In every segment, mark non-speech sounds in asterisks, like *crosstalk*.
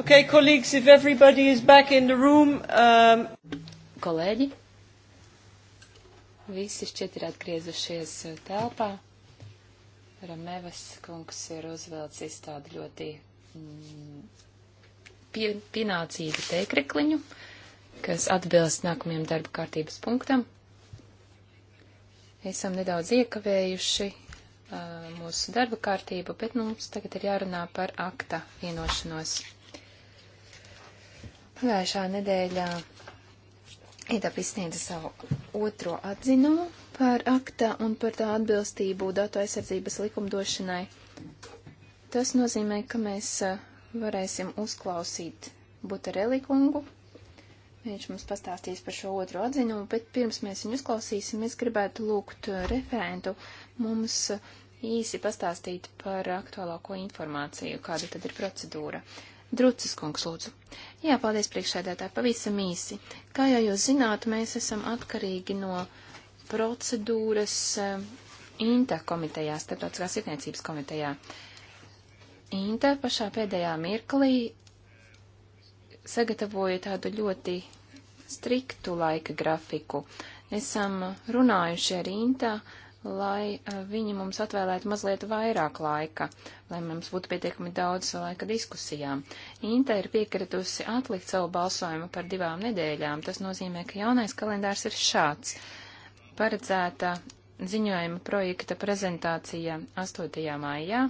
Okay, colleagues, if everybody is back in the room. Um... Kolēģi, visi šķiet ir atgriezušies uh, telpā. Ramevas kungs ir uzvelcis tādu ļoti mm, pienācīgu teikrekliņu, kas atbilst nākamajam darba kārtības punktam. Esam nedaudz iekavējuši uh, mūsu darba kārtību, bet nu, mums tagad ir jārunā par akta vienošanos. Pagājušā nedēļā ITAP izsniedza savu otro atzinumu par akta un par tā atbilstību datu aizsardzības likumdošanai. Tas nozīmē, ka mēs eh, varēsim uzklausīt Butareli kungu. Viņš mums pastāstīs par šo otro atzinumu, bet pirms mēs viņu uzklausīsim, es gribētu lūgt eh, referentu mums eh, īsi pastāstīt par aktuālāko informāciju, kāda tad ir procedūra. Uh, Drucis kungs, lūdzu. Jā, paldies priekšsēdētāji, pavisam īsi. Kā jau jūs zināt, mēs esam atkarīgi no procedūras eh, INTA komitejā, starptautiskās tirniecības komitejā. INTA pašā pēdējā mirklī sagatavoja tādu ļoti striktu laika grafiku. Esam runājuši ar INTA uh, lai eh, viņi mums atvēlētu mazliet vairāk laika, lai mums būtu pietiekami daudz laika diskusijām. Inta ir piekritusi atlikt savu balsojumu par divām nedēļām. Tas nozīmē, ka jaunais kalendārs ir šāds. Paredzēta ziņojuma projekta prezentācija 8. maijā,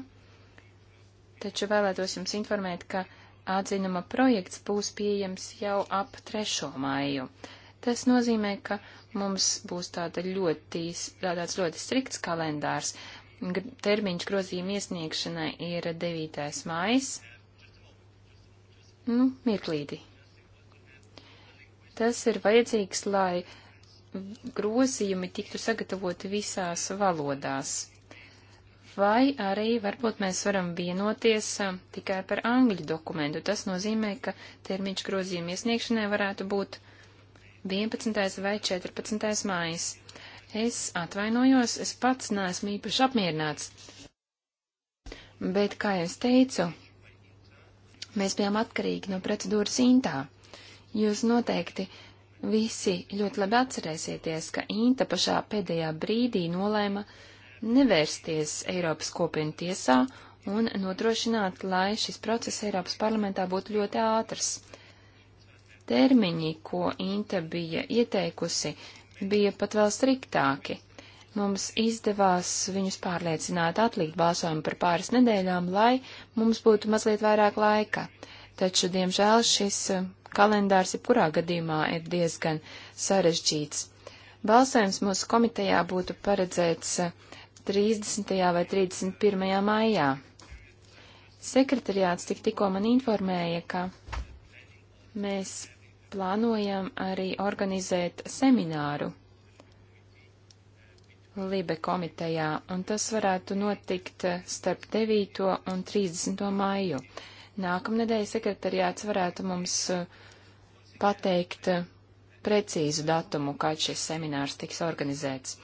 taču vēlētos jums informēt, ka atzinuma projekts būs pieejams jau ap 3. maiju. Tas nozīmē, ka mums būs tāda ļoti, tāds ļoti strikts kalendārs. Termiņš grozījuma iesniegšanai ir 9. mājas. Nu, mirklīdi. Tas ir vajadzīgs, lai grozījumi tiktu sagatavoti visās valodās. Vai arī varbūt mēs varam vienoties tikai par angļu dokumentu. Tas nozīmē, ka termiņš grozījuma iesniegšanai varētu būt 11. vai 14. mājas. Es atvainojos, es pats neesmu īpaši apmierināts. Bet, kā jau es teicu, mēs bijām atkarīgi no procedūras intā. Jūs noteikti visi ļoti labi atcerēsieties, ka Inta pašā pēdējā brīdī nolēma nevērsties Eiropas kopienu tiesā un nodrošināt, lai šis process Eiropas parlamentā būtu ļoti ātrs. Termiņi, ko Inta bija ieteikusi, bija pat vēl striktāki. Mums izdevās viņus pārliecināt atlikt balsojumu par pāris nedēļām, lai mums būtu mazliet vairāk laika. Taču, diemžēl, šis eh, kalendārs jebkurā gadījumā ir diezgan sarežģīts. Balsojums mūsu komitejā būtu paredzēts 30. Eh, vai 31. maijā. Sekretariāts tik tikko man informēja, ka mēs plānojam arī organizēt semināru Libe komitejā, un tas varētu notikt starp 9. un 30. maiju. Nākamnedēļ sekretariāts varētu mums eh, pateikt eh, precīzu datumu, kad šis seminārs tiks organizēts.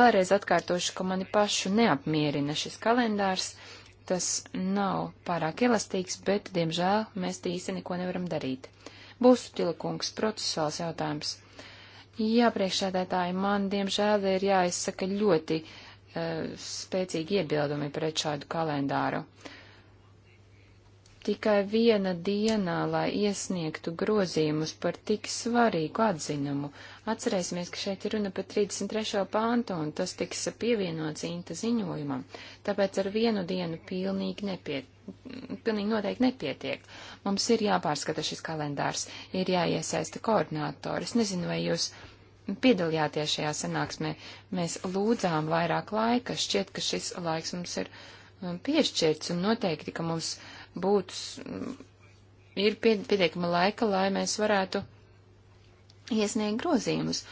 Vēlreiz atkārtošu, ka mani pašu neapmierina šis kalendārs, tas nav pārāk elastīgs, bet, diemžēl, mēs īsti neko nevaram darīt. Būs tilkungs, procesuāls jautājums. Jā, priekšsēdētāji, man diemžēl ir jāizsaka ļoti uh, spēcīgi iebildumi pret šādu kalendāru. Uh, tikai viena diena, lai iesniegtu grozījumus par tik svarīgu atzinumu. Atcerēsimies, ka šeit ir runa par 33. pāntu, un tas tiks pievienots Inta ziņojumam, tāpēc ar vienu dienu pilnīgi nepiet. Pilnīgi noteikti nepietiek. Mums ir jāpārskata šis kalendārs, ir jāiesaista koordinātori. Es nezinu, vai jūs piedalījāties šajā sanāksmē. Mēs lūdzām vairāk laika, šķiet, ka šis laiks mums ir um, piešķirts un noteikti, ka mums uh, būtu, mm, ir pietiekama laika, lai mēs varētu iesniegt grozījumus.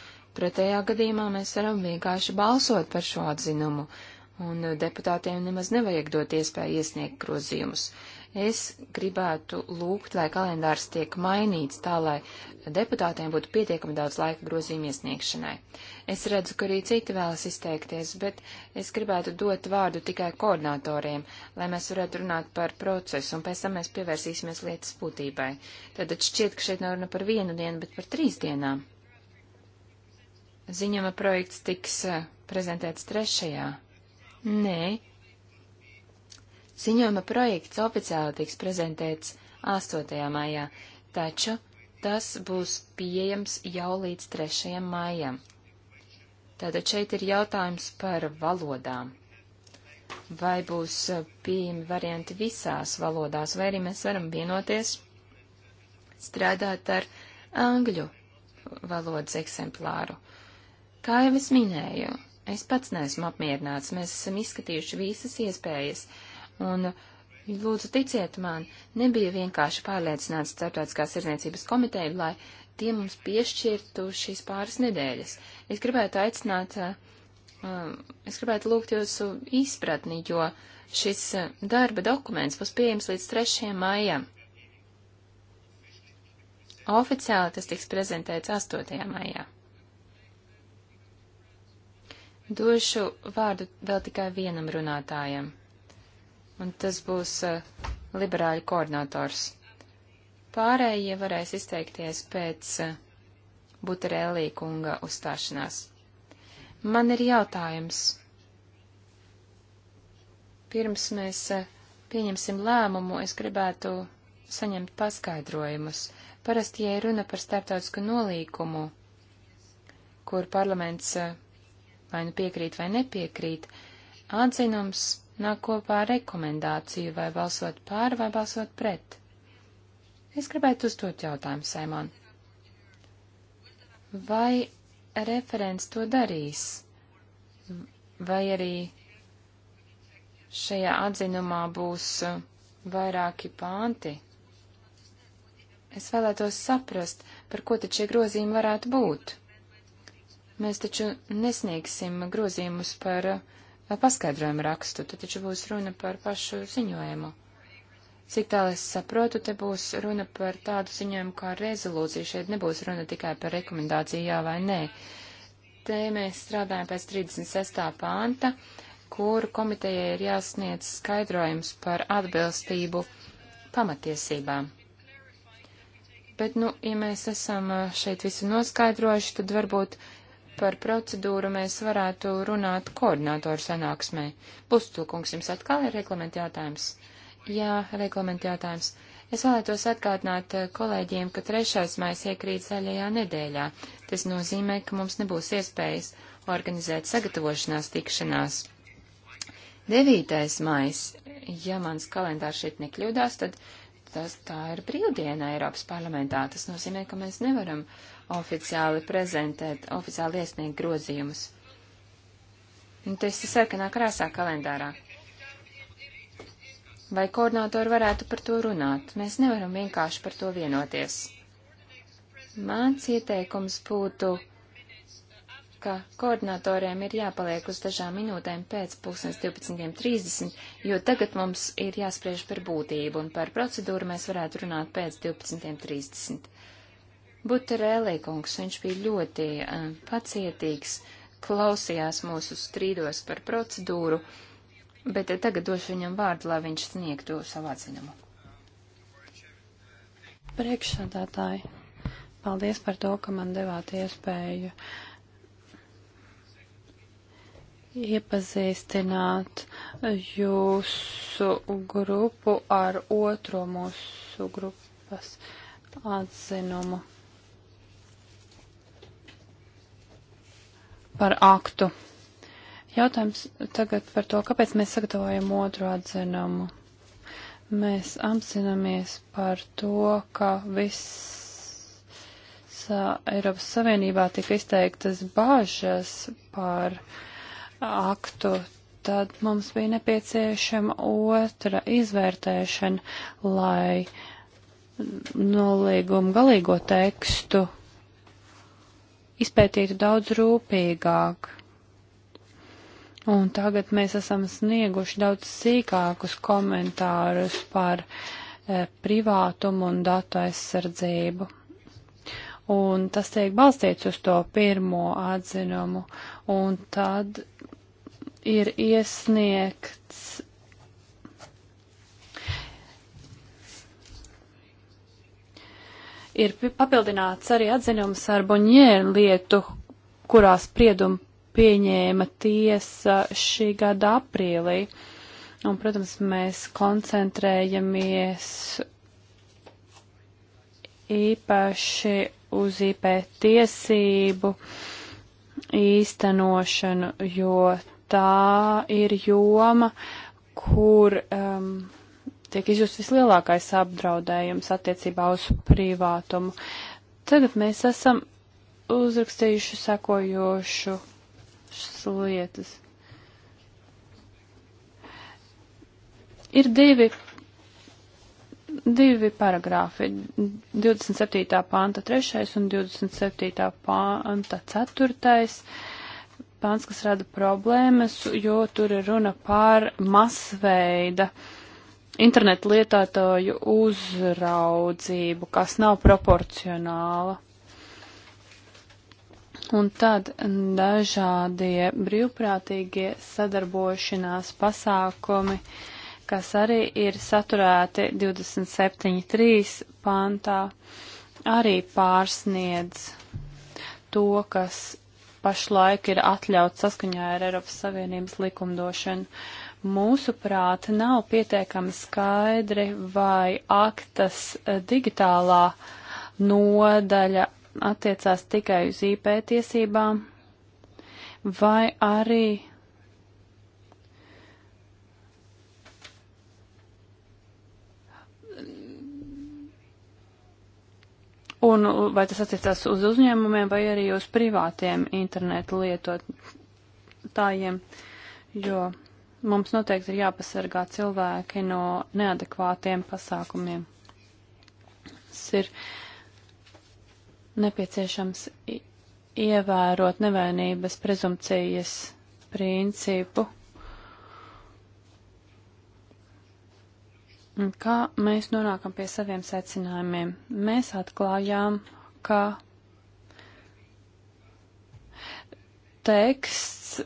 Pretējā gadījumā mēs varam vienkārši balsot par šo atzinumu. Uh, un eh, deputātiem nemaz nevajag dot iespēju iesniegt grozījumus. Es gribētu lūgt, lai kalendārs tiek mainīts tā, lai deputātiem būtu pietiekami daudz laika grozījumu iesniegšanai. Es redzu, ka arī citi vēlas izteikties, bet es gribētu dot vārdu tikai koordinatoriem, lai mēs varētu runāt par procesu, un pēc tam mēs pievērsīsimies lietas būtībai. Tad šķiet, ka šeit nav runa par vienu dienu, bet par trīs dienām. Ziņama projekts tiks eh, prezentēts trešajā Nē. Ziņojuma projekts oficiāli tiks prezentēts 8. maijā, taču tas būs pieejams jau līdz 3. maijam. Tātad šeit ir jautājums par valodām. Vai būs pieejami varianti visās valodās, vai arī mēs varam vienoties strādāt ar angļu valodas eksemplāru. Kā jau es minēju, Es pats neesmu apmierināts. Mēs esam izskatījuši visas iespējas. Un, lūdzu, ticiet man, nebija vienkārši pārliecināts starptautiskās sirdniecības komiteju, lai tie mums piešķirtu šīs pāris nedēļas. Es gribētu aicināt, uh, um, es gribētu lūgt jūsu izpratni, jo šis uh, darba dokuments būs pieejams līdz 3. maijam. Oficiāli tas tiks prezentēts 8. maijā. Došu vārdu vēl tikai vienam runātājam, un tas būs uh, liberāļu koordinators. Pārējie varēs izteikties pēc uh, eh, Buterēlī kunga uzstāšanās. Man ir jautājums. Pirms mēs uh, pieņemsim lēmumu, es gribētu saņemt paskaidrojumus. Parasti, ja runa par starptautisku nolīkumu, kur parlaments uh, vai nu piekrīt vai nepiekrīt, atzinums nāk kopā ar rekomendāciju vai balsot pār vai balsot pret. Es gribētu uzdot jautājumu, Saimon. Vai referents to darīs? Vai arī šajā atzinumā būs uh, vairāki pānti? Es vēlētos saprast, par ko tad šie grozījumi varētu būt. Mēs taču nesniegsim grozījumus par eh, paskaidrojumu rakstu, tad taču būs runa par pašu ziņojumu. Cik tālu es saprotu, te būs runa par tādu ziņojumu kā rezolūcija. Šeit nebūs runa tikai par rekomendāciju jā vai nē. Te mēs strādājam pēc 36. pānta, kur komitejai ir jāsniedz skaidrojums par atbilstību pamatiesībām. Bet, nu, ja mēs esam eh, šeit visu noskaidrojuši, tad varbūt par procedūru mēs varētu runāt koordinātoru sanāksmē. Pustulkungs jums atkal ir reglamenta jautājums. Jā, reglamenta jautājums. Es vēlētos atkārtināt eh, kolēģiem, ka trešais mājas iekrīt zaļajā nedēļā. Tas nozīmē, ka mums nebūs iespējas organizēt sagatavošanās tikšanās. Devītais mājas, ja mans kalendārs šeit nekļūdās, tad tas tā ir brīvdiena Eiropas parlamentā. Tas nozīmē, ka mēs nevaram oficiāli prezentēt, oficiāli iesniegt grozījumus. Un tas ir sarkanā krāsā kalendārā. Vai koordinātori varētu par to runāt? Mēs nevaram vienkārši par to vienoties. Mans ieteikums būtu ka koordinatoriem ir jāpaliek uz dažām minūtēm pēc 12.30, jo tagad mums ir jāspriež par būtību, un par procedūru mēs varētu runāt pēc 12.30. Buterēlī kungs, viņš bija ļoti uh, pacietīgs, klausījās mūsu strīdos par procedūru, bet tagad došu viņam vārdu, lai viņš sniegtu savu atzinumu. Priekšsādātāji, paldies par to, ka man devāt iespēju uh, iepazīstināt jūsu grupu ar otro mūsu grupas atzinumu par aktu. Jautājums tagad par to, kāpēc mēs sagatavojam otru atzinumu. Mēs apzināmies par to, ka viss Eiropas Savienībā tika izteiktas bāžas par uh, aktu, tad mums bija nepieciešama otra izvērtēšana, lai nolīgumu galīgo tekstu izpētītu daudz rūpīgāk. Un tagad mēs esam snieguši daudz sīkākus komentārus par e, privātumu un datu aizsardzību. Un tas tiek balstīts uz to pirmo atzinumu, un tad ir iesniegts. Ir papildināts arī atzinums ar Boņēru lietu, kurā spriedumu pieņēma tiesa šī gada aprīlī. Un, protams, mēs koncentrējamies īpaši uz IP tiesību īstenošanu, jo tā ir joma, kur um, tiek izjust vislielākais apdraudējums attiecībā uz privātumu. Tagad mēs esam uzrakstījuši sekojošu lietas. Ir divi, divi paragrāfi, 27. panta 3. un 27. panta 4 pāns, kas rada problēmas, jo tur ir runa par masveida internetu lietotāju uzraudzību, kas nav proporcionāla. Un tad dažādie brīvprātīgie sadarbošanās pasākumi, kas arī ir saturēti 27.3 pantā, arī pārsniedz to, kas pašlaik ir atļauts saskaņā ar Eiropas Savienības likumdošanu. Mūsuprāt, nav pietiekami skaidri, vai aktas eh, digitālā nodaļa attiecās tikai uz IP tiesībām, vai arī Un vai tas attiecās uz uzņēmumiem vai arī uz privātiem internetu lietotājiem, jo mums noteikti ir jāpasargā cilvēki no neadekvātiem pasākumiem. Tas ir nepieciešams ievērot nevainības prezumcijas principu Un kā mēs nonākam pie saviem secinājumiem? Mēs atklājām, ka teksts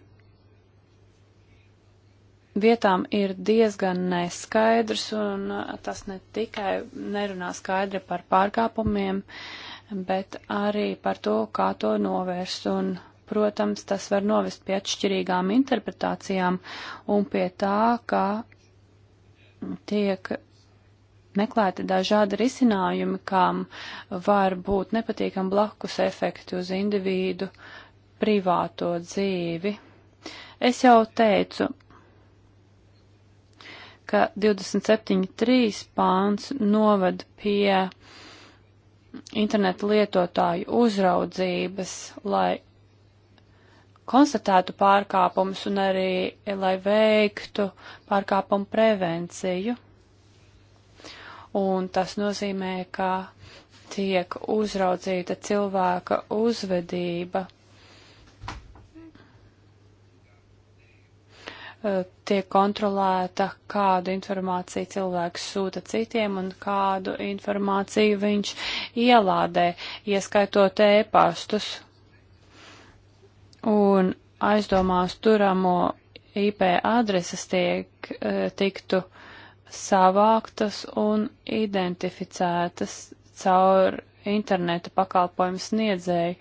vietām ir diezgan neskaidrs, un tas ne tikai nerunā skaidri par pārkāpumiem, bet arī par to, kā to novērst. Un, protams, tas var novest pie atšķirīgām interpretācijām un pie tā, ka tiek meklēti dažādi risinājumi, kam var būt nepatīkam blakus efekti uz individu privāto dzīvi. Es jau teicu, ka 27.3 pāns novad pie interneta lietotāju uzraudzības, lai konstatētu pārkāpumus un arī, lai veiktu pārkāpumu prevenciju. Un tas nozīmē, ka tiek uzraudzīta cilvēka uzvedība, tiek kontrolēta, kādu informāciju cilvēks sūta citiem un kādu informāciju viņš ielādē, ieskaitot ēpastus un aizdomās turamo IP adreses tiek e, tiktu savāktas un identificētas caur interneta pakalpojumu sniedzēju,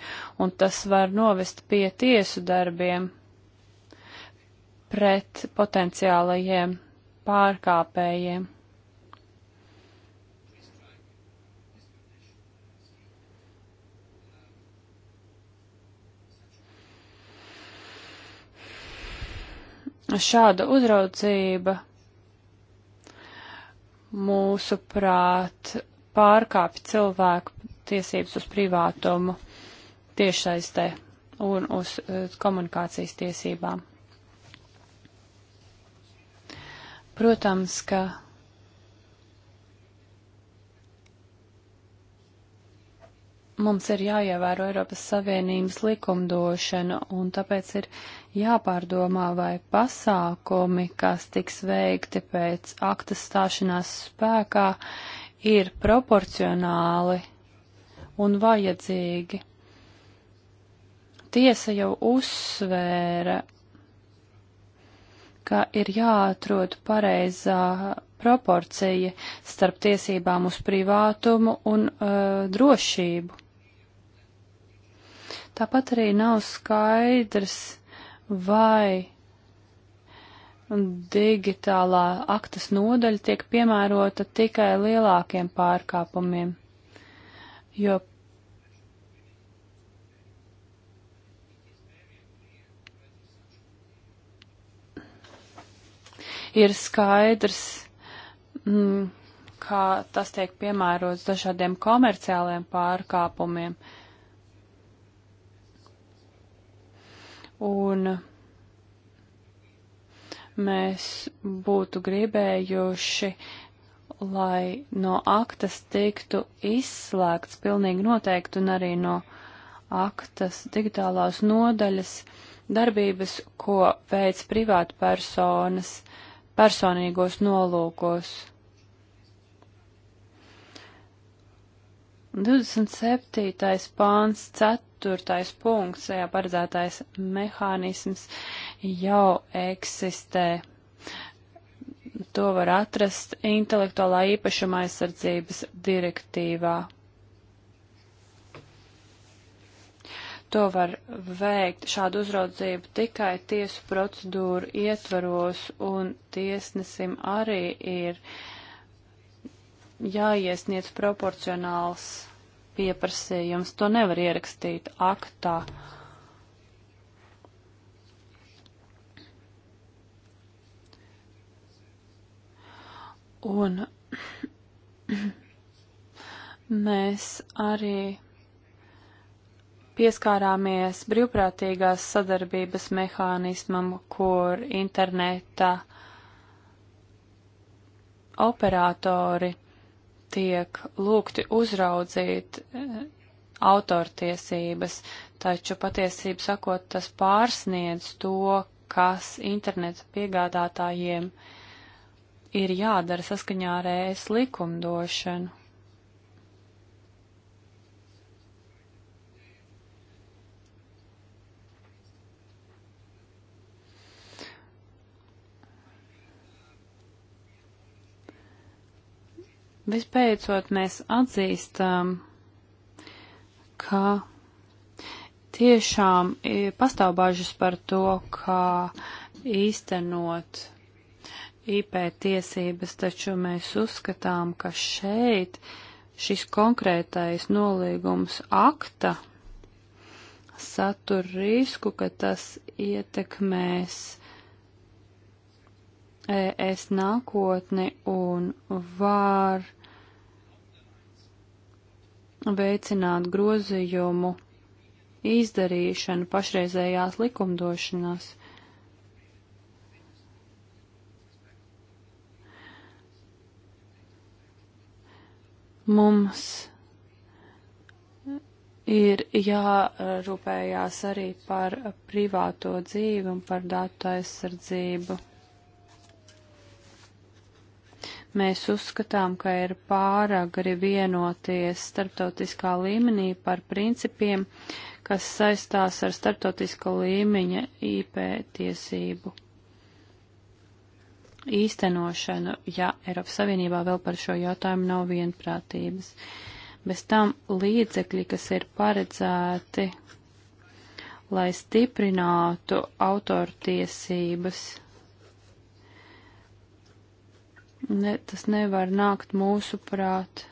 un tas var novest pie tiesu darbiem pret potenciālajiem pārkāpējiem. šāda uzraudzība mūsu prāt pārkāpj cilvēku tiesības uz privātumu tiešsaistē un uz komunikācijas tiesībām. Protams, ka mums ir jāievēro Eiropas Savienības likumdošana, un tāpēc ir jāpārdomā, vai pasākumi, kas tiks veikti pēc akta stāšanās spēkā, ir proporcionāli un vajadzīgi. Tiesa jau uzsvēra, ka ir jāatrod pareizā proporcija starp tiesībām uz privātumu un uh, drošību. Tāpat arī nav skaidrs, vai digitālā aktas nodaļa tiek piemērota tikai lielākiem pārkāpumiem, jo ir skaidrs, mm, kā tas tiek piemērots dažādiem komerciāliem pārkāpumiem. Uh, Un mēs būtu gribējuši, lai no aktas tiktu izslēgts pilnīgi noteikti un arī no aktas digitālās nodaļas darbības, ko veids privāta personas personīgos nolūkos. 27. pāns 4 ceturtais punkts, jā, paredzētais mehānisms jau eksistē. To var atrast intelektuālā īpašuma aizsardzības direktīvā. To var veikt šādu uzraudzību tikai tiesu procedūru ietvaros, un tiesnesim arī ir jāiesniedz proporcionāls pieprasījums. To nevar ierakstīt aktā. Un *clears throat* mēs arī pieskārāmies brīvprātīgās sadarbības mehānismam, kur interneta operatori tiek lūgti uzraudzīt eh, autortiesības, taču patiesību sakot, tas pārsniedz to, kas interneta piegādātājiem ir jādara saskaņā ar ēs e likumdošanu. Vispēcot, mēs atzīstam, ka tiešām e, pastāv bažas par to, kā īstenot IP tiesības, taču mēs uzskatām, ka šeit šis konkrētais nolīgums akta satur risku, ka tas ietekmēs es nākotni un var veicināt grozījumu izdarīšanu pašreizējās likumdošanās. Mums ir jārūpējās arī par privāto dzīvi un par datu aizsardzību. Mēs uzskatām, ka ir pāragri vienoties starptautiskā līmenī par principiem, kas saistās ar starptautiska līmeņa IP tiesību īstenošanu, ja Eiropas Savienībā vēl par šo jautājumu nav vienprātības. Bez tam līdzekļi, kas ir paredzēti, lai stiprinātu autortiesības, ne, tas nevar nākt mūsu prāt,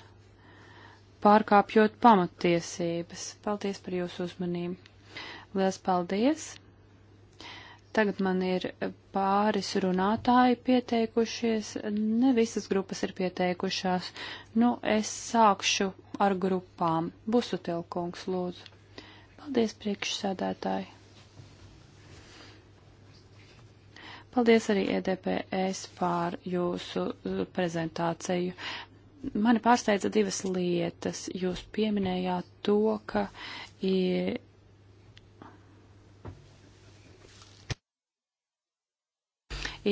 pārkāpjot pamatiesības. Paldies par jūsu uzmanību. Lielas paldies! Tagad man ir pāris runātāji pieteikušies, ne visas grupas ir pieteikušās. Nu, es sākšu ar grupām. Busutilkungs, lūdzu. Paldies, priekšsēdētāji! Paldies arī EDPS pār jūsu uh, prezentāciju. Mani pārsteidza divas lietas. Jūs pieminējāt to, ka i,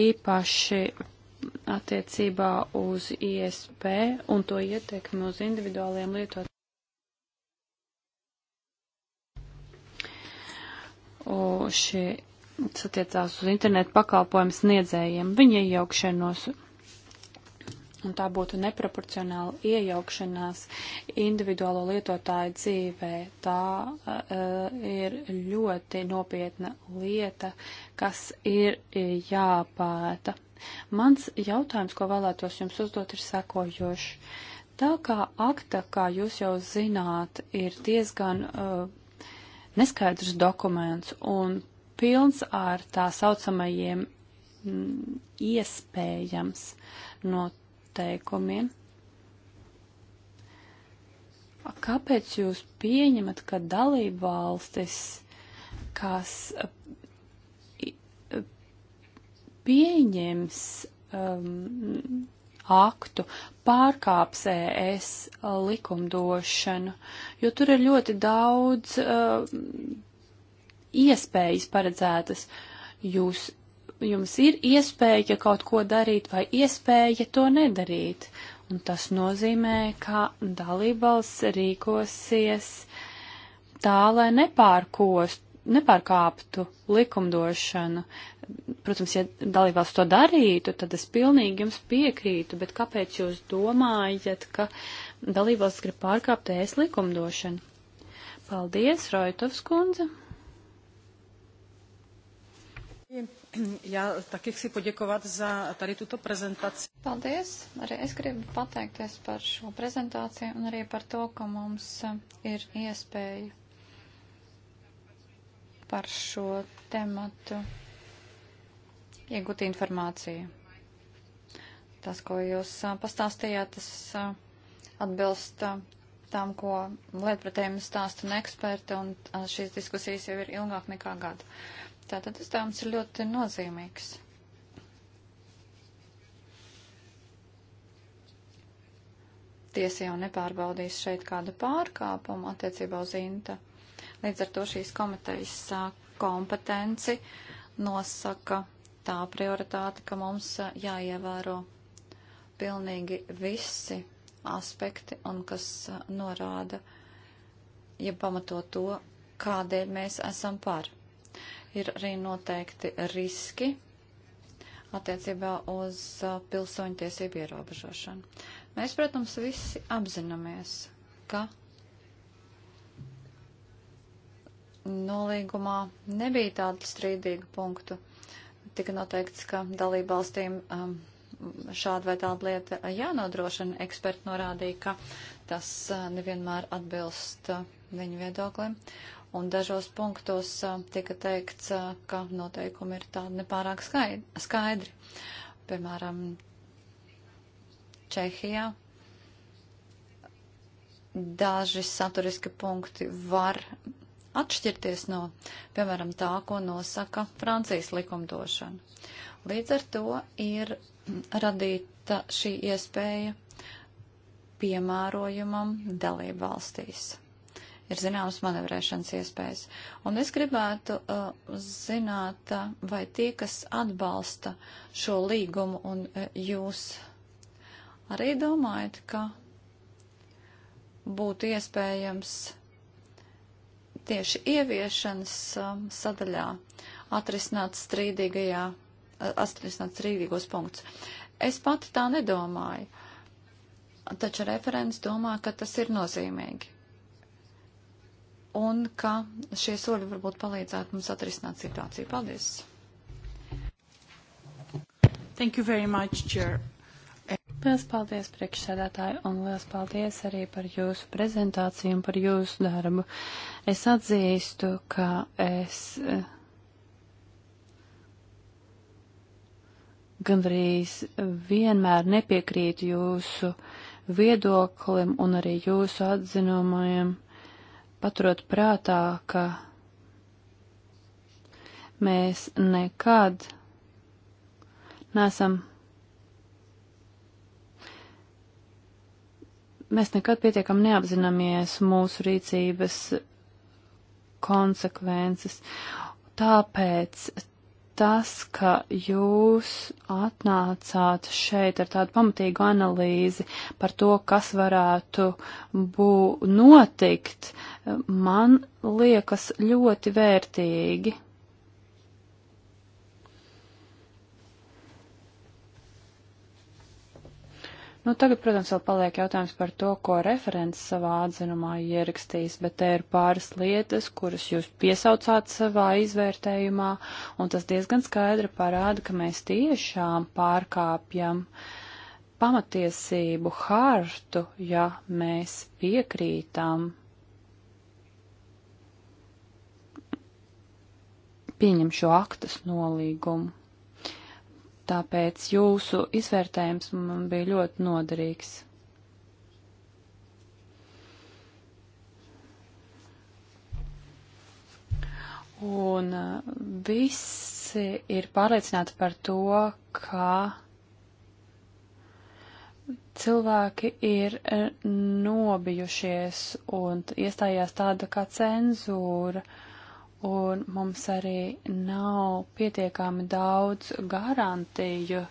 īpaši attiecībā uz ISP un to ietekmi uz individuāliem lietotājiem. šie satiecās uz internetu pakalpojumu sniedzējiem, viņa iejaukšanos. Un tā būtu neproporcionāla iejaukšanās individuālo lietotāju dzīvē. Tā uh, ir ļoti nopietna lieta, kas ir jāpēta. Mans jautājums, ko vēlētos jums uzdot, ir sekojošs. Tā kā akta, kā jūs jau zināt, ir diezgan uh, neskaidrs dokuments, un pilns ar tā saucamajiem m, mm, iespējams noteikumiem. Kāpēc jūs pieņemat, ka dalība valstis, kas pieņems um, aktu, pārkāps ES likumdošanu, jo tur ir ļoti daudz uh, iespējas paredzētas. Jūs, jums ir iespēja kaut ko darīt vai iespēja to nedarīt. Un tas nozīmē, ka dalībvalsts rīkosies tā, lai nepārkost, nepārkāptu likumdošanu. Protams, ja dalībvalsts to darītu, tad es pilnīgi jums piekrītu, bet kāpēc jūs domājat, ka dalībvalsts grib pārkāpt ēs likumdošanu? Paldies, Roitovs kundze! Jā, taky chci poděkovat za tady tuto prezentaci. Paldies! Arī es gribu pateikties par šo prezentāciju un arī par to, ka mums ir iespēja par šo tematu iegūt informāciju. Tas, ko jūs pastāstījāt, tas atbilst tam, ko lietpratējiem stāsta un eksperti, un šīs diskusijas jau ir ilgāk nekā gadu. Tātad uzdevums ir ļoti nozīmīgs. Tiesa jau nepārbaudīs šeit kādu pārkāpumu attiecībā uz INTA. Līdz ar to šīs komitejas kompetenci nosaka tā prioritāte, ka mums jāievēro pilnīgi visi aspekti un kas norāda, ja pamato to, kādēļ mēs esam par. Ir arī noteikti riski attiecībā uz pilsoņtiesību ierobežošanu. Mēs, protams, visi apzināmies, ka nolīgumā nebija tādu strīdīgu punktu. Tika noteikts, ka dalībvalstīm um, šāda vai tāda lieta jānodrošina. Eksperti norādīja, ka tas nevienmēr atbilst viņu viedoklim. Un dažos punktos tika teikts, ka noteikumi ir tādi nepārāk skaidri. Piemēram, Čehijā daži saturiski punkti var atšķirties no, piemēram, tā, ko nosaka Francijas likumdošana. Līdz ar to ir radīta šī iespēja piemērojumam dalību valstīs. Ir zināmas manevrēšanas iespējas. Un es gribētu uh, zināt, uh, vai tie, kas atbalsta šo līgumu un uh, jūs arī domājat, ka būtu iespējams tieši ieviešanas uh, sadaļā atrisināt strīdīgajā atrisināt strīdīgos punktus. Es pati tā nedomāju, taču referents domā, ka tas ir nozīmīgi. Un ka šie soļi varbūt palīdzētu mums atrisināt situāciju. Paldies! Thank you very much, Chair. Liels paldies priekšsēdētāji un liels paldies arī par jūsu prezentāciju un par jūsu darbu. Es atzīstu, ka es eh, gandrīz vienmēr nepiekrītu jūsu viedoklim un arī jūsu atzinumiem, paturot prātā, ka mēs nekad nesam. Mēs nekad pietiekam neapzināmies mūsu rīcības konsekvences. Tāpēc tas, ka jūs atnācāt šeit ar tādu pamatīgu analīzi par to, kas varētu būt notikt, man liekas ļoti vērtīgi. Nu, tagad, protams, vēl paliek jautājums par to, ko referents savā atzinumā ierakstīs, bet te ir pāris lietas, kuras jūs piesaucāt savā izvērtējumā, un tas diezgan skaidri parāda, ka mēs tiešām pārkāpjam pamatiesību hartu, ja mēs piekrītam pieņem šo aktas nolīgumu tāpēc jūsu izvērtējums man bija ļoti noderīgs. Un uh, visi ir pārliecināti par to, ka cilvēki ir uh, nobijušies un iestājās tāda kā cenzūra. Uh, un mums arī nav pietiekami daudz garantiju.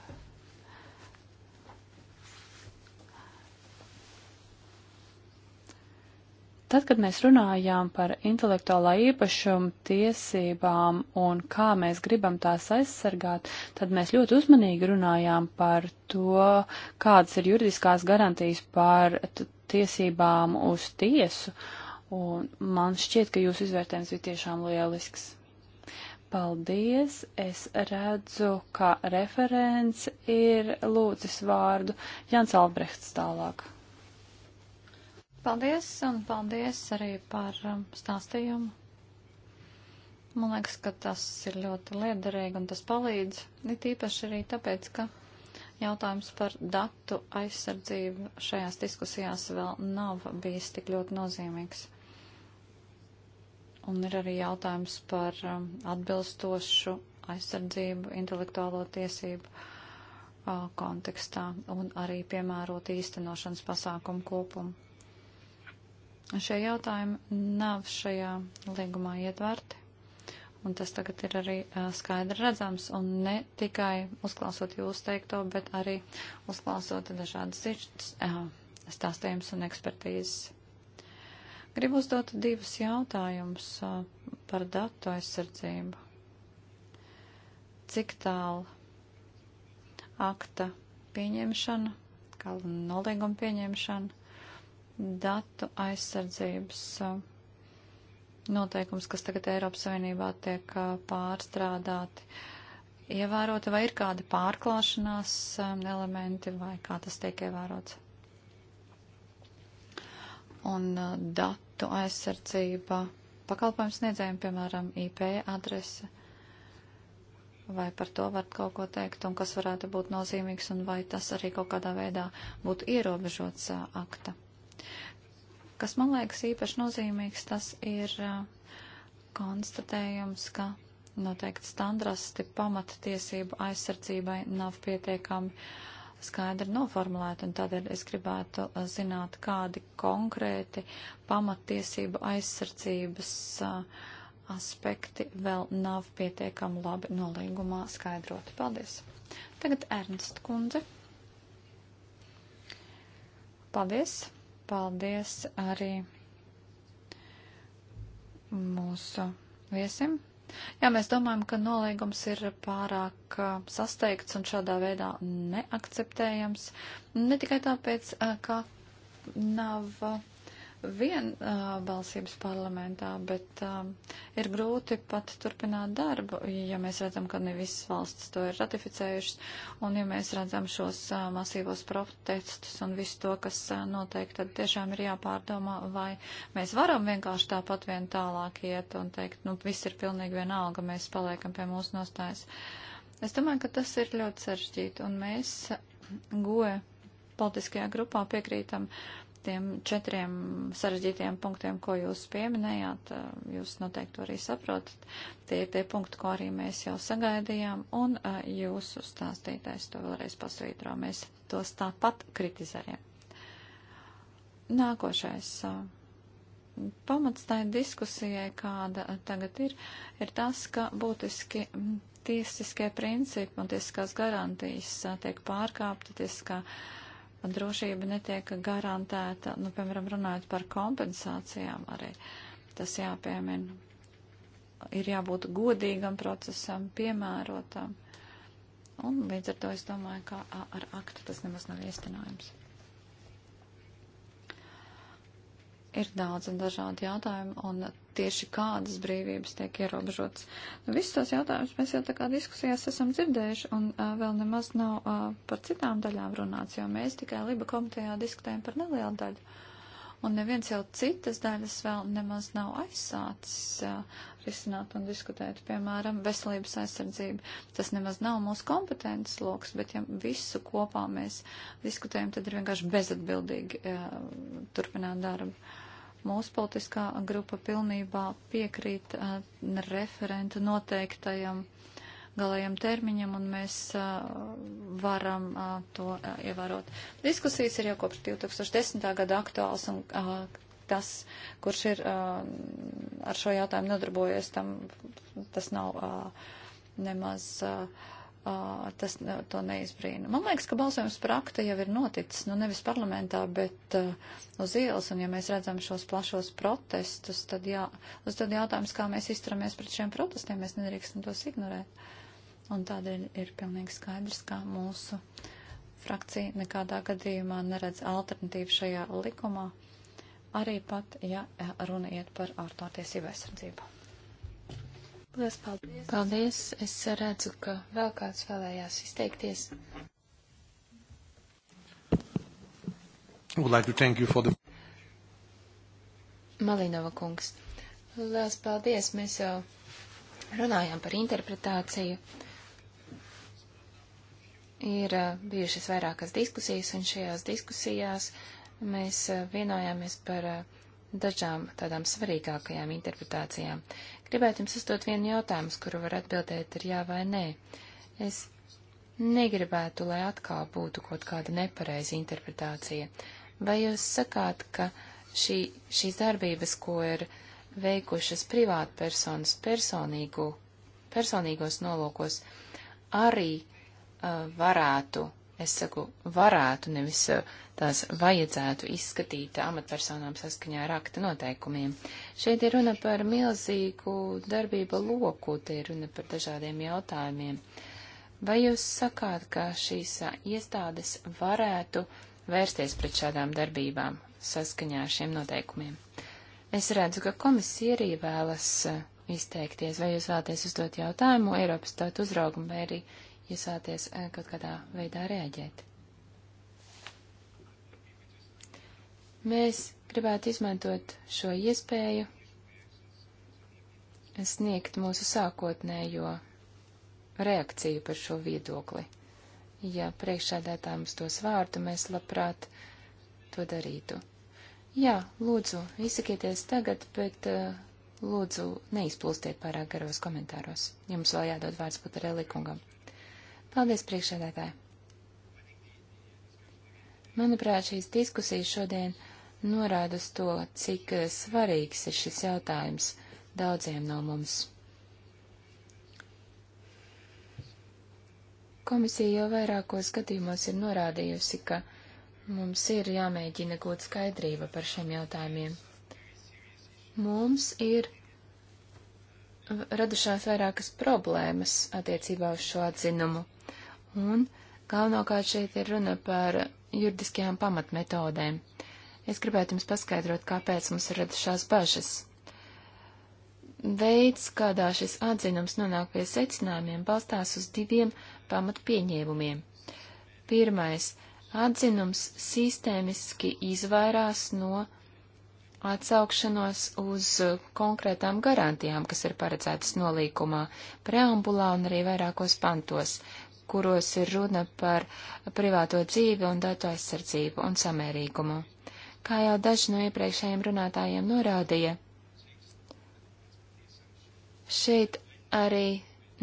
Tad, kad mēs runājām par intelektuālā īpašuma tiesībām un kā mēs gribam tās aizsargāt, tad mēs ļoti uzmanīgi runājām par to, kādas ir juridiskās garantijas par tiesībām uz tiesu Un man šķiet, ka jūsu izvērtējums bija tiešām lielisks. Paldies! Es redzu, ka referents ir lūdzis vārdu Jans Albrechts tālāk. Paldies un paldies arī par um, stāstījumu. Man liekas, ka tas ir ļoti liederīgi un tas palīdz. It īpaši arī tāpēc, ka jautājums par datu aizsardzību šajās diskusijās vēl nav bijis tik ļoti nozīmīgs. Un ir arī jautājums par um, atbilstošu aizsardzību intelektuālo tiesību uh, kontekstā un arī piemērot īstenošanas pasākumu kopumu. Šie jautājumi nav šajā līgumā ietverti, un tas tagad ir arī uh, skaidri redzams, un ne tikai uzklausot jūs teikto, bet arī uzklausot dažādas sirds uh, stāstījumus un ekspertīzes. Gribu uzdot divus jautājumus uh, par datu aizsardzību. Cik tālu akta pieņemšana, kā nolīguma pieņemšana, datu aizsardzības uh, noteikums, kas tagad Eiropas Savienībā tiek uh, pārstrādāti, ievērota vai ir kāda pārklāšanās um, elementi vai kā tas tiek ievērots? un uh, datu aizsardzība pakalpojums sniedzējiem, piemēram, IP adrese. Vai par to varat kaut ko teikt, un kas varētu būt nozīmīgs, un vai tas arī kaut kādā veidā būtu ierobežots uh, akta? Kas man liekas īpaši nozīmīgs, tas ir uh, konstatējums, ka noteikti standrasti pamata tiesību aizsardzībai nav pietiekami skaidri noformulēti, un tādēļ es gribētu zināt, kādi konkrēti pamattiesība aizsardzības aspekti vēl nav pietiekami labi nolīgumā skaidroti. Paldies! Tagad Ernst kundze. Paldies! Paldies arī mūsu viesim. Jā, mēs domājam, ka nolīgums ir pārāk sasteigts un šādā veidā neakceptējams. Ne tikai tāpēc, ka nav uh, vienbalsības uh, parlamentā, bet um, ir grūti pat turpināt darbu, ja mēs redzam, ka ne visas valstis to ir ratificējušas, un ja mēs redzam šos uh, masīvos protestus un visu to, kas uh, noteikti, tad tiešām ir jāpārdomā, vai mēs varam vienkārši tāpat vien tālāk iet un teikt, nu, viss ir pilnīgi vienalga, mēs paliekam pie mūsu nostājas. Es domāju, ka tas ir ļoti sarežģīti, un mēs goja politiskajā grupā piekrītam tiem četriem sarežģītiem punktiem, ko jūs pieminējāt. Eh, jūs noteikti to arī saprotat. Tie ir tie punkti, ko arī mēs jau sagaidījām, un eh, jūsu stāstītājs to vēlreiz pasvītro. Mēs tos tāpat kritizējam. Nākošais eh, pamats tai diskusijai, kāda tagad ir, ir tas, ka būtiski mm, tiesiskie principi un tiesiskās garantijas tiek pārkāpta tiesiskā. Uh, drošība netiek garantēta, nu, piemēram, runājot par kompensācijām arī. Tas jāpiemina. Ir jābūt godīgam procesam, piemērotam. Un līdz ar to es domāju, ka ar aktu tas nemaz nav iestinājums. ir daudz un dažādi jautājumi, un tieši kādas brīvības tiek ierobežotas. Nu, visus tos jautājumus mēs jau tā kā diskusijās esam dzirdējuši, un uh, vēl nemaz nav uh, par citām daļām runāts, jo mēs tikai Liba komitejā diskutējam par nelielu daļu. Un neviens jau citas daļas vēl nemaz nav aizsācis uh, risināt un diskutēt, piemēram, veselības aizsardzība. Tas nemaz nav mūsu kompetences loks, bet ja visu kopā mēs diskutējam, tad ir vienkārši bezatbildīgi uh, turpināt darbu. Uh, Mūsu politiskā grupa pilnībā piekrīt uh, referenta noteiktajam galējam termiņam, un mēs uh, varam uh, to uh, ievērot. Diskusijas ir jau kopš 2010. gada aktuāls, un uh, tas, kurš ir uh, ar šo jautājumu nodarbojies, tam tas nav uh, nemaz. Uh, tas to neizbrīna. Man liekas, ka balsojums par akta jau ir noticis, nu nevis parlamentā, bet uh, uz ielas, un ja mēs redzam šos plašos protestus, tad jā, uz tad jautājums, kā mēs izturamies pret šiem protestiem, mēs nedrīkstam tos ignorēt. Un tādēļ ir pilnīgi skaidrs, ka mūsu frakcija nekādā gadījumā neredz alternatīvu šajā likumā, arī pat, ja runa iet par ārkārtiesību aizsardzību. Lielas paldies. Paldies. Es redzu, ka vēl kāds vēlējās izteikties. Would like to thank you for the... Malinova kungs. Lielas paldies. Mēs jau runājām par interpretāciju. Ir eh, bijušas vairākas diskusijas, un šajās diskusijās mēs eh, vienojāmies par uh, dažām tādām svarīgākajām interpretācijām. Gribētu jums uzdot vienu jautājumu, kuru var atbildēt ar jā vai nē. Es negribētu, lai atkal būtu kaut kāda nepareiza interpretācija. Vai jūs sakāt, ka šī, šīs darbības, ko ir veikušas privātpersonas personīgu, personīgos nolūkos, arī uh, varētu, es saku, varētu, nevis uh, tās vajadzētu izskatīt amatpersonām saskaņā ar akta noteikumiem. Šeit ir runa par milzīgu darbība loku, te ir runa par dažādiem jautājumiem. Vai jūs sakāt, ka šīs iestādes varētu vērsties pret šādām darbībām saskaņā ar šiem noteikumiem? Es redzu, ka komisija arī vēlas e, izteikties, vai jūs vēlaties uzdot jautājumu Eiropas tautu uzraugumu, vai arī jūs vēlaties e, kaut kādā veidā rēģēt. Mēs gribētu izmantot šo iespēju sniegt mūsu sākotnējo reakciju par šo viedokli. Ja priekšsēdētājiem uz tos vārdu, mēs labprāt to darītu. Jā, lūdzu, izsakieties tagad, bet uh, lūdzu neizplūstiet pārāk garos komentāros. Jums vēl jādod vārds pat relikungam. Paldies, priekšsēdētāji! Manuprāt, šīs diskusijas šodien norāda uz to, cik eh, svarīgs ir šis jautājums daudziem no mums. Komisija jau vairākos gadījumos ir norādījusi, ka mums ir jāmēģina gūt skaidrība par šiem jautājumiem. Mums ir radušās vairākas problēmas attiecībā uz šo atzinumu, un galvenokārt šeit ir runa par juridiskajām pamatmetodēm. Uh, Es gribētu jums paskaidrot, kāpēc mums ir radušās bažas. Veids, kādā šis atzinums nonāk pie secinājumiem, balstās uz diviem pamatpieņēmumiem. Pirmais - atzinums sistēmiski izvairās no atsaukšanos uz konkrētām garantijām, kas ir paredzētas nolīkumā, preambulā un arī vairākos pantos, kuros ir runa par privāto dzīvi un datu aizsardzību un samērīgumu. Kā jau daži no iepriekšējiem runātājiem norādīja, šeit arī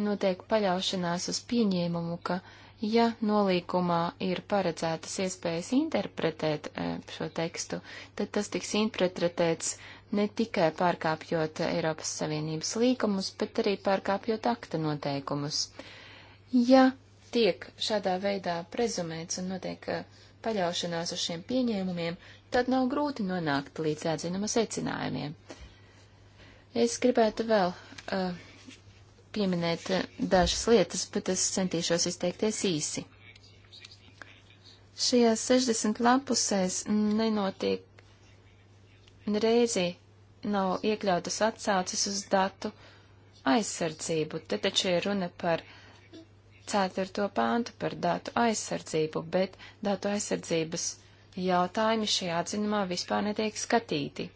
notiek paļaušanās uz pieņēmumu, ka, ja nolīkumā ir paredzētas iespējas interpretēt e, šo tekstu, tad tas tiks interpretēts ne tikai pārkāpjot Eiropas Savienības līkumus, bet arī pārkāpjot akta noteikumus. Ja tiek šādā veidā prezumēts un notiek e, paļaušanās uz šiem pieņēmumiem, tad nav grūti nonākt līdz atzinuma secinājumiem. Es gribētu vēl uh, pieminēt eh, dažas lietas, bet es centīšos izteikties īsi. Šajās 60 lapusēs nenotiek reizi nav iekļautas atsauces uz datu aizsardzību. Te taču ir runa par ceturto pāntu par datu aizsardzību, bet datu aizsardzības jautājumi šajā atzinumā vispār netiek skatīti.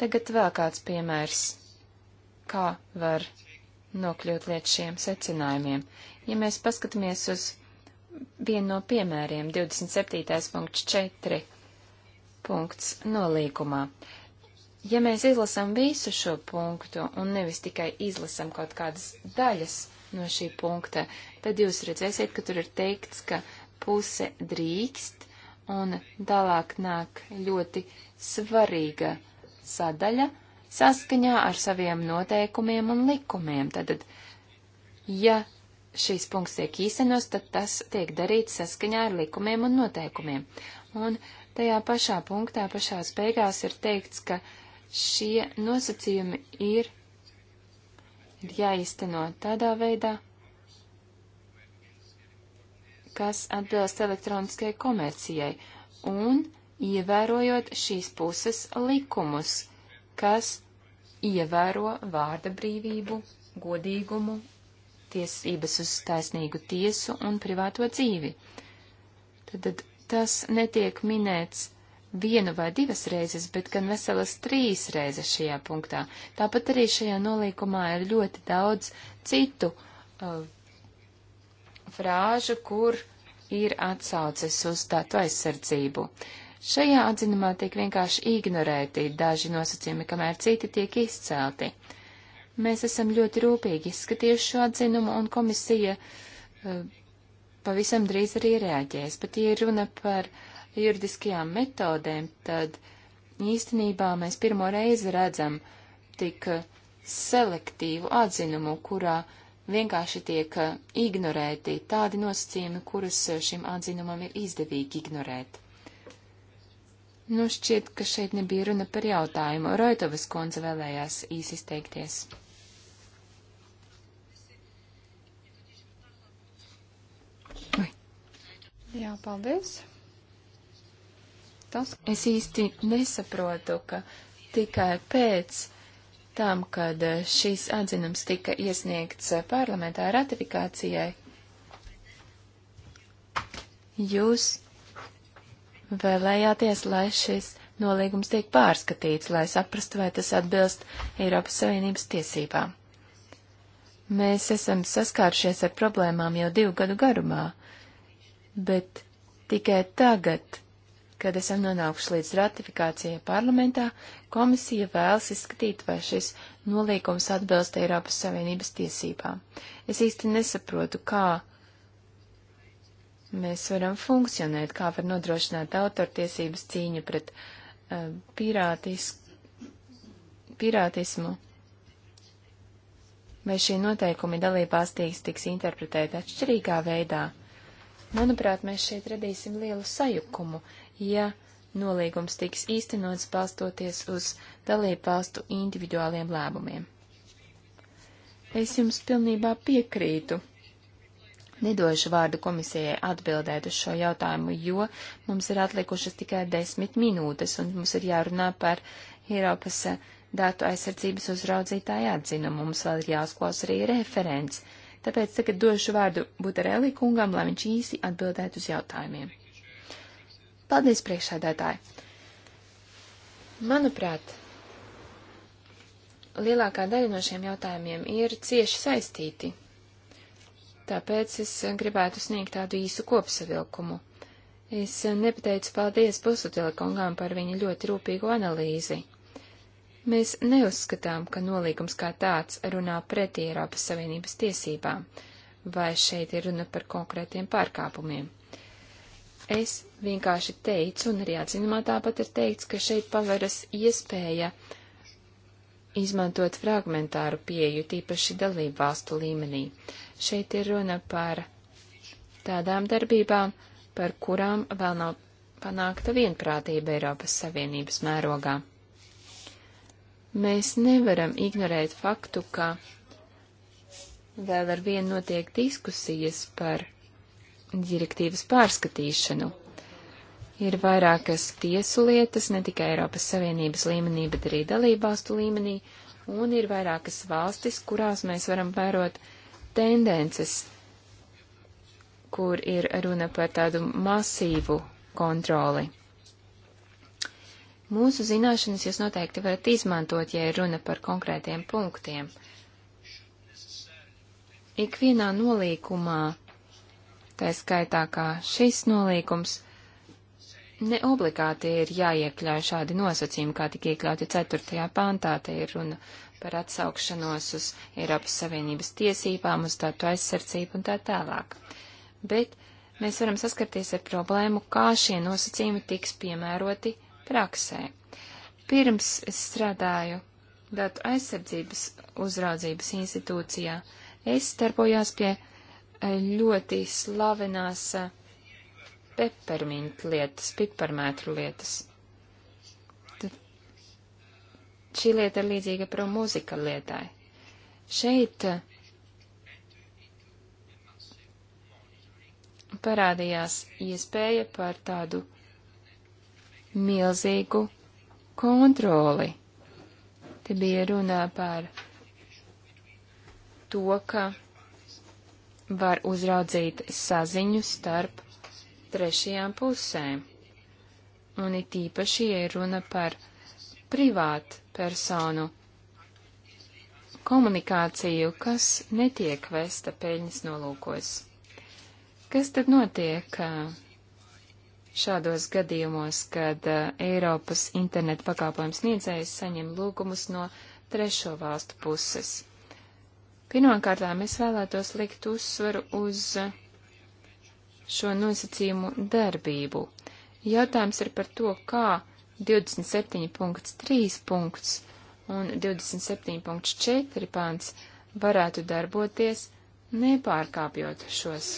Tagad vēl kāds piemērs, kā var nokļūt līdz šiem secinājumiem. Ja mēs paskatāmies uz vienu no piemēriem, 27.4. punkts nolīgumā. Ja mēs izlasam visu šo punktu un nevis tikai izlasam kaut kādas daļas no šī punkta, tad jūs redzēsiet, ka tur ir teikts, ka uh, puse drīkst, un tālāk nāk ļoti svarīga sadaļa saskaņā ar saviem noteikumiem un likumiem. Tātad, ja šīs punkts tiek īstenos, tad tas tiek darīts saskaņā ar likumiem un noteikumiem. Un tajā pašā punktā, pašās beigās ir teikts, ka šie nosacījumi ir, ir jāizteno tādā veidā, kas atbilst elektroniskajai komercijai, un ievērojot šīs puses likumus, kas ievēro vārda brīvību, godīgumu, tiesības uz taisnīgu tiesu un privāto dzīvi. Tad, tad tas netiek minēts vienu vai divas reizes, bet gan veselas trīs reizes šajā punktā. Tāpat arī šajā nolīkumā ir ļoti daudz citu uh, frāžu, kur ir atsauces uz datu aizsardzību. Šajā atzinumā tiek vienkārši ignorēti daži nosacījumi, kamēr citi tiek izcelti. Mēs esam ļoti rūpīgi izskatījuši šo atzinumu, un komisija uh, pavisam drīz arī reaģēs, bet, ja runa par juridiskajām metodēm, tad īstenībā mēs pirmo reizi redzam tik selektīvu atzinumu, kurā uh, vienkārši tiek eh, ignorēti tādi nosacījumi, kurus eh, šim atzinumam ir izdevīgi ignorēt. Nu, šķiet, ka šeit nebija runa par jautājumu. Roitovas kundze vēlējās īsi izteikties. Ui. Jā, paldies. Tas... Es īsti nesaprotu, ka tikai pēc tam, kad eh, šīs atzinums tika iesniegts eh, parlamentā ratifikācijai, jūs vēlējāties, lai šis nolīgums tiek pārskatīts, lai saprastu, vai tas atbilst Eiropas Savienības tiesībām. Mēs esam saskāršies ar problēmām jau divu gadu garumā, bet tikai tagad kad esam nonākuši līdz ratifikācijai parlamentā, komisija vēlas izskatīt, vai šis nolīgums atbilst Eiropas Savienības tiesībām. Es īsti nesaprotu, kā mēs varam funkcionēt, kā var nodrošināt autortiesības cīņu pret uh, pirātis, pirātismu. Vai šie noteikumi dalībvalstīs tiks interpretēti atšķirīgā veidā? Manuprāt, mēs šeit radīsim lielu sajukumu. Uh, ja nolīgums tiks īstenots balstoties uz dalību valstu individuāliem lēmumiem. Es jums pilnībā piekrītu. Nedošu vārdu komisijai atbildēt uz šo jautājumu, jo mums ir atlikušas tikai desmit minūtes, un mums ir jārunā par Eiropas eh, datu aizsardzības uzraudzītāju atzinumu. Mums vēl ir jāuzklaus arī referents. Tāpēc tagad došu vārdu Butarelli kungam, lai viņš īsi atbildētu uz jautājumiem. Paldies, priekšsēdētāji! Manuprāt, lielākā daļa no šiem jautājumiem ir cieši saistīti, tāpēc es gribētu sniegt tādu īsu kopsavilkumu. Es nepateicu paldies Busutila kungām par viņa ļoti rūpīgo analīzi. Mēs neuzskatām, ka nolīgums kā tāds runā pretī Eiropas Savienības tiesībām, vai šeit ir runa par konkrētiem pārkāpumiem. Es vienkārši teicu, un arī atzinumā tāpat ir teikts, ka šeit paveras iespēja izmantot fragmentāru pieju, tīpaši dalību valstu līmenī. Šeit ir runa par tādām darbībām, par kurām vēl nav panākta vienprātība Eiropas Savienības mērogā. Mēs nevaram ignorēt faktu, ka vēl ar vienu notiek diskusijas par direktīvas pārskatīšanu. Ir vairākas tiesu lietas, ne tikai Eiropas Savienības līmenī, bet arī dalībvalstu līmenī, un ir vairākas valstis, kurās mēs varam vērot tendences, kur ir runa par tādu masīvu kontroli. Mūsu zināšanas jūs noteikti varat izmantot, ja ir runa par konkrētiem punktiem. Ikvienā nolīkumā tā skaitā kā šis nolīgums, neobligāti ir jāiekļauj šādi nosacījumi, kā tik iekļauti 4. pāntā, te ir runa par atsaukšanos uz Eiropas Savienības tiesībām, uz datu aizsardzību un tā tālāk. Bet mēs varam saskarties ar problēmu, kā šie nosacījumi tiks piemēroti praksē. Pirms es strādāju datu aizsardzības uzraudzības institūcijā, es darbojos pie ļoti slavenās eh, pepermint lietas, piparmētru lietas. Tad šī lieta ir līdzīga pro mūzika lietai. Šeit eh, parādījās iespēja par tādu milzīgu kontroli. Te bija runā par to, ka var uzraudzīt saziņu starp trešajām pusēm. Un it īpaši, ja runa par privātu personu komunikāciju, kas netiek vesta peļņas nolūkos. Kas tad notiek šādos gadījumos, kad Eiropas internetu pakāpojums sniedzējs saņem lūgumus no trešo valstu puses? Pirmkārtām es vēlētos likt uzsvaru uz šo nosacījumu darbību. Jautājums ir par to, kā 27.3 punkts un 27.4 pants varētu darboties, nepārkāpjot šos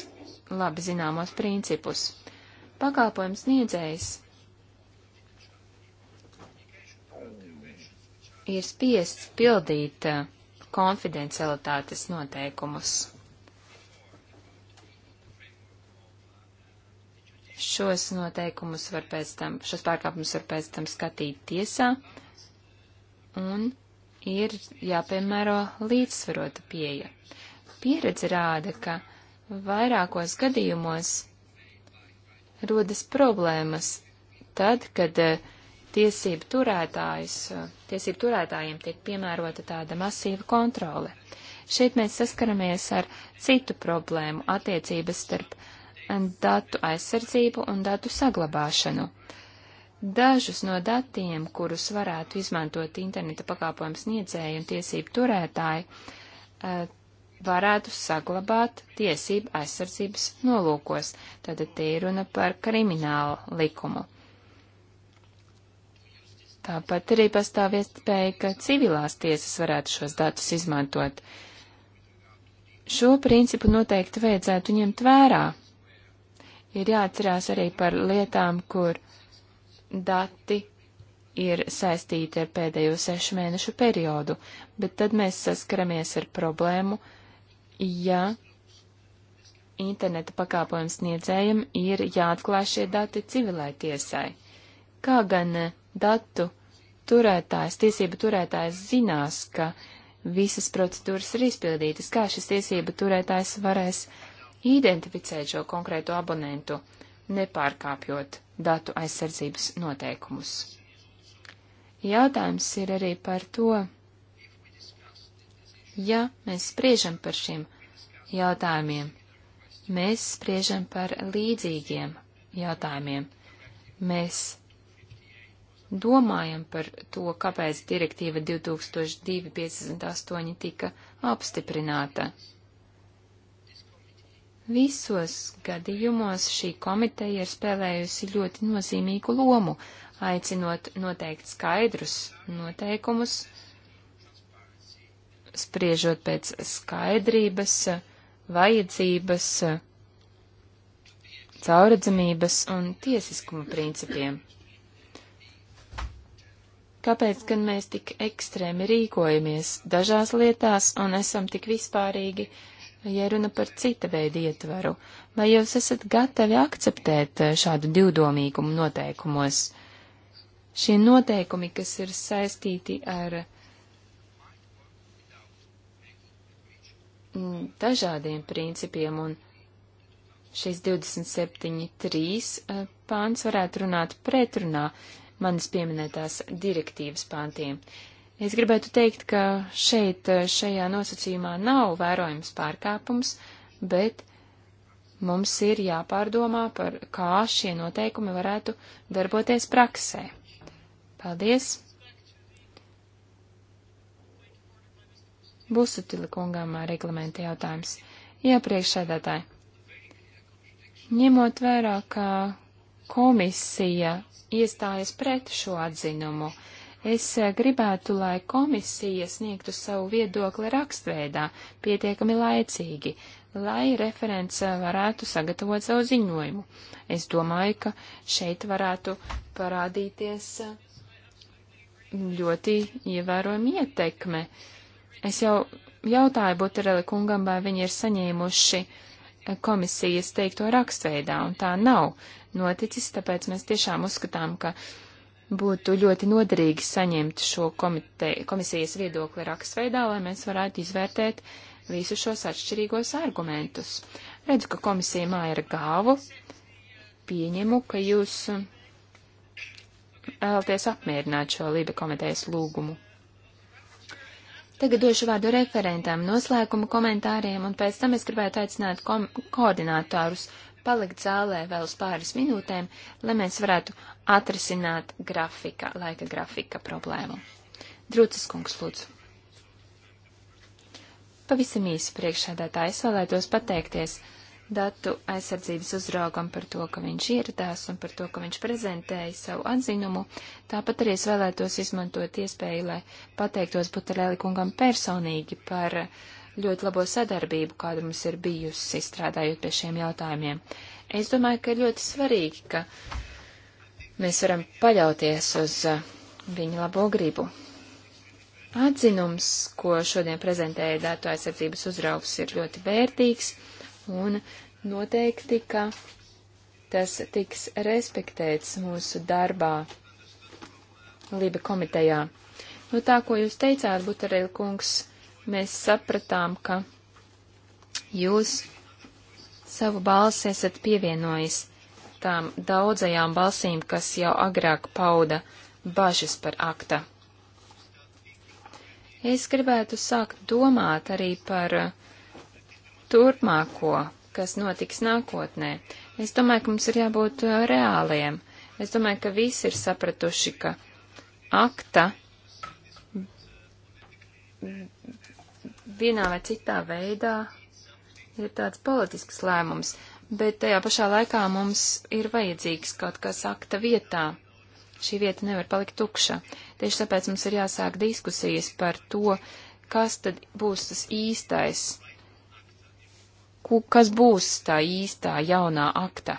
labi zināmos principus. Pakalpojums niedzējs ir spiests pildīt uh, konfidencialitātes noteikumus. Šos noteikumus var pēc tam, šos pārkāpumus var pēc tam skatīt tiesā un ir jāpiemēro līdzsvarota pieeja. Pieredze rāda, ka vairākos gadījumos rodas problēmas tad, kad uh, tiesību turētājs, eh, tiesību turētājiem tiek piemērota tāda masīva kontrole. Šeit mēs saskaramies ar citu problēmu attiecības starp datu aizsardzību un datu saglabāšanu. Dažus no datiem, kurus varētu izmantot interneta pakāpojumu sniedzēji un tiesību turētāji, eh, varētu saglabāt tiesību aizsardzības nolūkos, tātad te ir runa par kriminālu likumu. Tāpat arī pastāv iespēja, ka civilās tiesas varētu šos datus izmantot. Šo principu noteikti vajadzētu ņemt vērā. Ir jāatcerās arī par lietām, kur dati ir saistīti ar pēdējo sešu mēnešu periodu, bet tad mēs saskaramies ar problēmu, ja interneta pakāpojums sniedzējiem ir jāatklāj šie dati civilai tiesai. Kā gan datu turētājs, tiesību turētājs zinās, ka visas procedūras ir izpildītas, kā šis tiesību turētājs varēs identificēt šo konkrēto abonentu, nepārkāpjot datu aizsardzības noteikumus. Jautājums ir arī par to, ja mēs spriežam par šiem jautājumiem, mēs spriežam par līdzīgiem jautājumiem. Mēs domājam par to, kāpēc direktīva 2258 tika apstiprināta. Visos gadījumos šī komiteja ir spēlējusi ļoti nozīmīgu lomu, aicinot noteikt skaidrus noteikumus, spriežot pēc skaidrības, vajadzības, cauradzamības un tiesiskuma principiem. Kāpēc gan mēs tik ekstrēmi rīkojamies dažās lietās un esam tik vispārīgi, ja runa par cita veida ietvaru? Vai jūs esat gatavi akceptēt eh, šādu divdomīgumu noteikumos? Šie noteikumi, kas ir saistīti ar mm, dažādiem principiem, un šis 27.3 eh, pāns varētu runāt pretrunā manis pieminētās direktīvas pāntiem. Es gribētu teikt, ka šeit eh, šajā nosacījumā nav vērojams pārkāpums, bet mums ir jāpārdomā par, kā šie noteikumi varētu darboties praksē. Paldies! Busutila kungām eh, reglamenta jautājums. Iepriekšēdētāji. Ņemot vērā, ka komisija iestājas pret šo atzinumu. Es eh, gribētu, lai komisija sniegtu savu viedokli rakstveidā, pietiekami laicīgi, lai referents eh, varētu sagatavot savu ziņojumu. Es domāju, ka šeit varētu parādīties eh, ļoti ievērojama ietekme. Es jau jautāju Butereli kungam, vai viņi ir saņēmuši komisijas teikto rakstveidā, un tā nav noticis, tāpēc mēs tiešām uzskatām, ka būtu ļoti noderīgi saņemt šo komite, komisijas viedokli rakstveidā, lai mēs varētu izvērtēt visus šos atšķirīgos argumentus. Redzu, ka komisija māja ir gāvu. Pieņemu, ka jūs eh, vēlaties apmierināt šo Lība komitejas lūgumu. Tagad došu vārdu referentam, noslēgumu komentāriem, un pēc tam es gribētu aicināt koordinātārus palikt zālē vēl uz pāris minūtēm, lai mēs varētu atrisināt grafika, laika grafika problēmu. Drūcis kungs, lūdzu. Pavisam īsi priekšādātāji, es vēlētos pateikties datu aizsardzības uzraugam par to, ka viņš ieradās un par to, ka viņš prezentēja savu atzinumu. Tāpat arī es vēlētos izmantot iespēju, lai pateiktos Butarēli kungam personīgi par uh, ļoti labo sadarbību, kāda mums ir bijusi strādājot pie šiem jautājumiem. Es domāju, ka ir ļoti svarīgi, ka mēs varam paļauties uz uh, viņa labo gribu. Atzinums, ko šodien prezentēja datu aizsardzības uzraugs, ir ļoti vērtīgs un noteikti, ka tas tiks respektēts mūsu darbā Liba komitejā. No tā, ko jūs teicāt, Butarēļa kungs, mēs sapratām, ka jūs savu balsi esat pievienojis tām daudzajām balsīm, kas jau agrāk pauda bažas par akta. Es gribētu sākt domāt arī par turpmāko, kas notiks nākotnē. Es domāju, ka mums ir jābūt reāliem. Es domāju, ka visi ir sapratuši, ka akta vienā vai citā veidā ir tāds politisks lēmums, bet tajā pašā laikā mums ir vajadzīgs kaut kas akta vietā. Šī vieta nevar palikt tukša. Tieši tāpēc mums ir jāsāk diskusijas par to, kas tad būs tas īstais, kas būs tā īstā jaunā akta.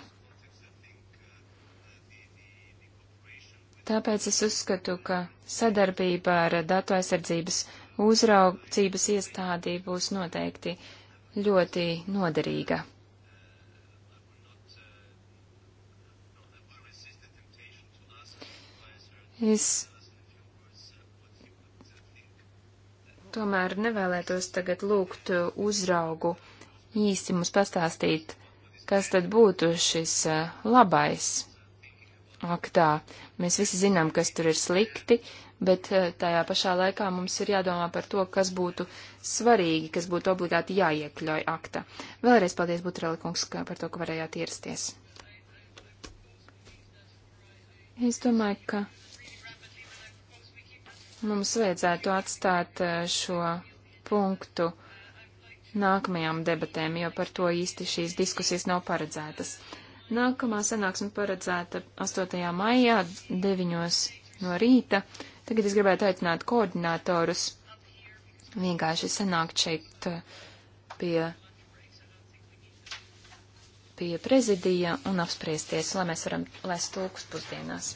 Tāpēc es uzskatu, ka sadarbība ar datu aizsardzības uzraudzības iestādī būs noteikti ļoti noderīga. Es tomēr nevēlētos tagad lūgt uzraugu īsti mums pastāstīt, kas tad būtu šis labais aktā. Mēs visi zinām, kas tur ir slikti, bet eh, tajā pašā laikā mums ir jādomā par to, kas būtu svarīgi, kas būtu obligāti jāiekļauj aktā. Vēlreiz paldies, Butrela kungs, par to, ka varējāt ierasties. Es domāju, ka mums vajadzētu atstāt eh, šo punktu nākamajām debatēm, jo par to īsti šīs diskusijas nav paredzētas. Nākamā sanāksme paredzēta 8. maijā 9 no rīta. Tagad es gribētu aicināt koordinatorus vienkārši sanākt šeit eh, pie, pie prezidija un apspriesties, lai mēs varam lēst tūkus pusdienās.